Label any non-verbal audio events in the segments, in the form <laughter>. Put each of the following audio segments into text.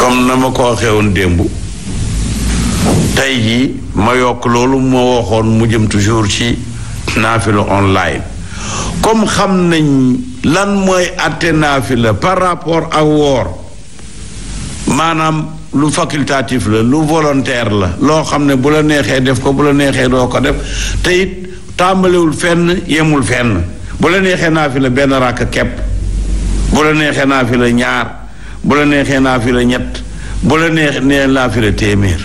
comme na ma ko waxee woon démb tey jii ma yokk loolu ma waxoon mu jëm toujours ci naafila online comme xam nañ lan mooy àtte naafila par rapport ak woor maanaam lu facultatif la lu volontaire la loo xam ne bu la neexee def ko bu la neexee doo ko def te it tàmbalewul fenn yemul fenn bu la neexee naafila benn ràkk kepp bu la neexee naafila ñaar bu la neexee naafila ñett bu la neex nee naafila téeméer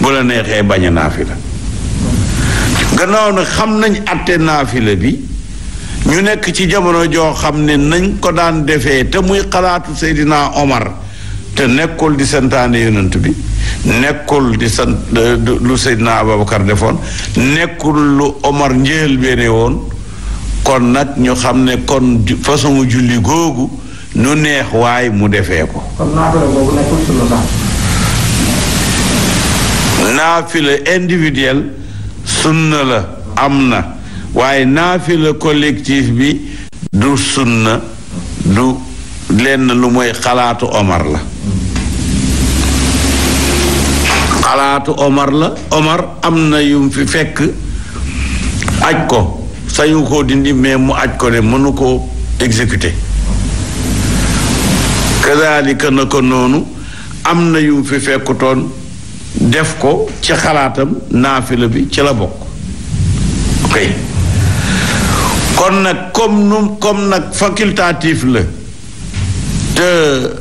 bu la neexee bañ naafila gannaaw nag xam nañ àtte naafila bi ñu nekk ci jamono joo xam ne nañ ko daan defee te muy xalaatu Seydina Omar te nekkul di santaane yonent bi nekkul di sant lu Seydina Ababakar defoon nekkul lu Omar njëlbéene woon kon nag ñu xam ne kon façon julli googu nu neex waay mu defee ko naafila individuel sunna la am na waaye naafila collectif bi du sunna du lenn lu mooy xalaatu Omar la xalaatu Omar la Omar am na yu fi fekk aj ko sañu ko dindi mais mu aj ko ne mënu ko exécuter kadaalika na ko noonu am na yu fi fekkutoon def ko ci xalaatam naafila bi ci la bokk kon nag comme nu comme nag facultatif la te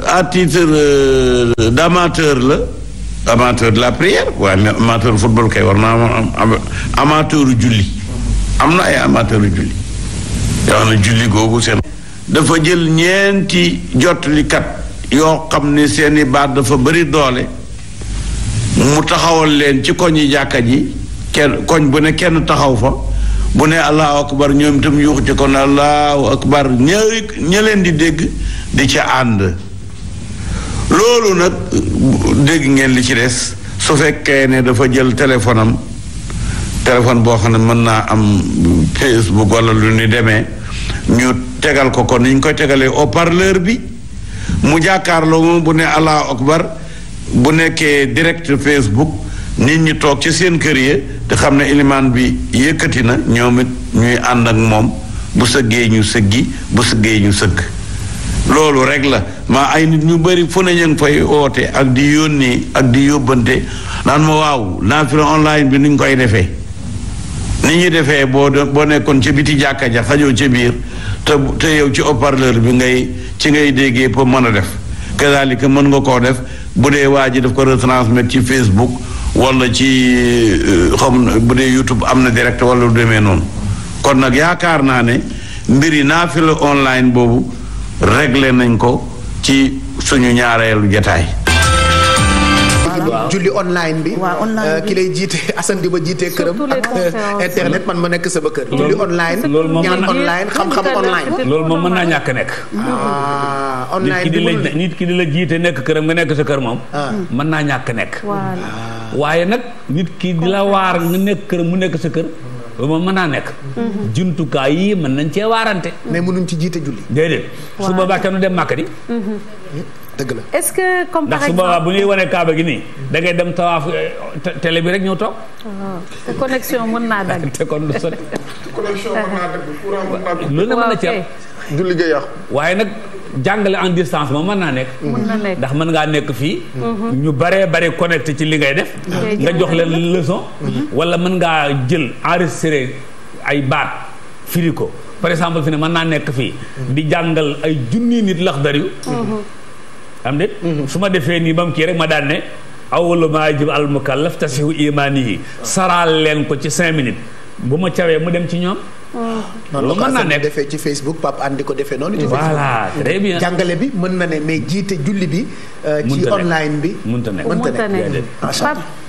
à euh, d'amateur la amateur de la prière waaye mais amateur football kay war naa am amateur julli am na ay amateur julli yoo ne julli googu seen dafa jël ñeenti jotlikat yoo xam ne seeni baat dafa bari doole mu taxawal leen ci koñ yi jàkka ji kenn koñ bu ne kenn taxaw fa bu ne allahu akbar ñoom itam yuuxu ci kon allahu akbar ña ña leen di dégg di ci ànd loolu nag dégg ngeen li ci des su fekkee ne dafa jël téléphone am téléphone boo xam ne mën naa am Facebook walla lu ni demee ñu tegal ko kon ni ñu koy tegalee haut-parleur bi mu jàkkaarloo moom bu ne allah akbar bu nekkee direct Facebook nit ñi toog ci seen kër yi te xam ne ilimaan bi yëkkati na ñoom it ñuy ànd ak moom bu sëggee ñu sëggi bu sëggee ñu sëgg loolu rek la maa ay nit ñu bari fu ne ñu ngi fay oote ak di yónnee ak di yóbbante naan ma waaw naafila online bi ni ñu koy defee ni ñuy defee boo boo nekkoon ca biti jàkka ja xajoo ca biir te te yow ci oparleur bi ngay ci ngay déggee pour mën a def kazalika mën nga koo def bu dee waa ji daf ko retransmettre ci Facebook wala ci euh, xam bu dee YouTube am na direct wala lu demee noonu kon nag yaakaar naa ne mbir yi naa naafila online boobu réglé nañ ko ci suñu ñaareelu jataay julli online bi. waaw online euh, bi ki lay jiite <laughs> Assane di ma jiite këram. ak <laughs> internet man ma nekk sama kër. julli online ñaan online xam-xam online. loolu moom mën naa ñàkk nekk. Ah, online bi nit ki di la jiite nekk këram nga nekk sa kër moom. Ah. mën naa ñàkk nekk. Ah. waaye nag nit ki di la waar nga nekk këram mu nekk sa kër. moom mën naa nekk. Mhm. juntukaay yi mën nañ cee waarante. mais mënuñ ci jiite julli. déedéet suba ba kenn dem màkk di. Mhm. dëgg la est-ce que comme par exemple bu ñuy wane kaaba gi nii da ngay dem tawaaf euh, tele bi rek ñëw toog. te ah, connexion mën naa dagg. <laughs> te kon mën naa dagg courant lu ne mën na ah, ci du liggéey waaye nag jàngale en distance moom mën naa nekk. mën ndax mën ngaa nekk fii. Mhm. ñu baree bare connecté ci li ngay def. nga jox leen leçon. Mhm. wala mën ngaa jël enregistré ay baat firi ko par exemple fi ne mën naa nekk fii. Mhm. di jàngal ay junni nit laxdar yu am déet mhm. su ma defee nii ba mu kii rek ma daan ne awalu maa yajib al mukallaf tasihu imaani yi saraal leen ko ci cinq minutes bu ma cawee mu dem ci ñoom oh. loolu mën naa ne defee ci Facebook Pape An di ko defee noonu. ci Facebook mm-hmm. jàngale bi mën na ne mais jiite julli bi. Euh, ci online bi ne mënta nekk mënta nekk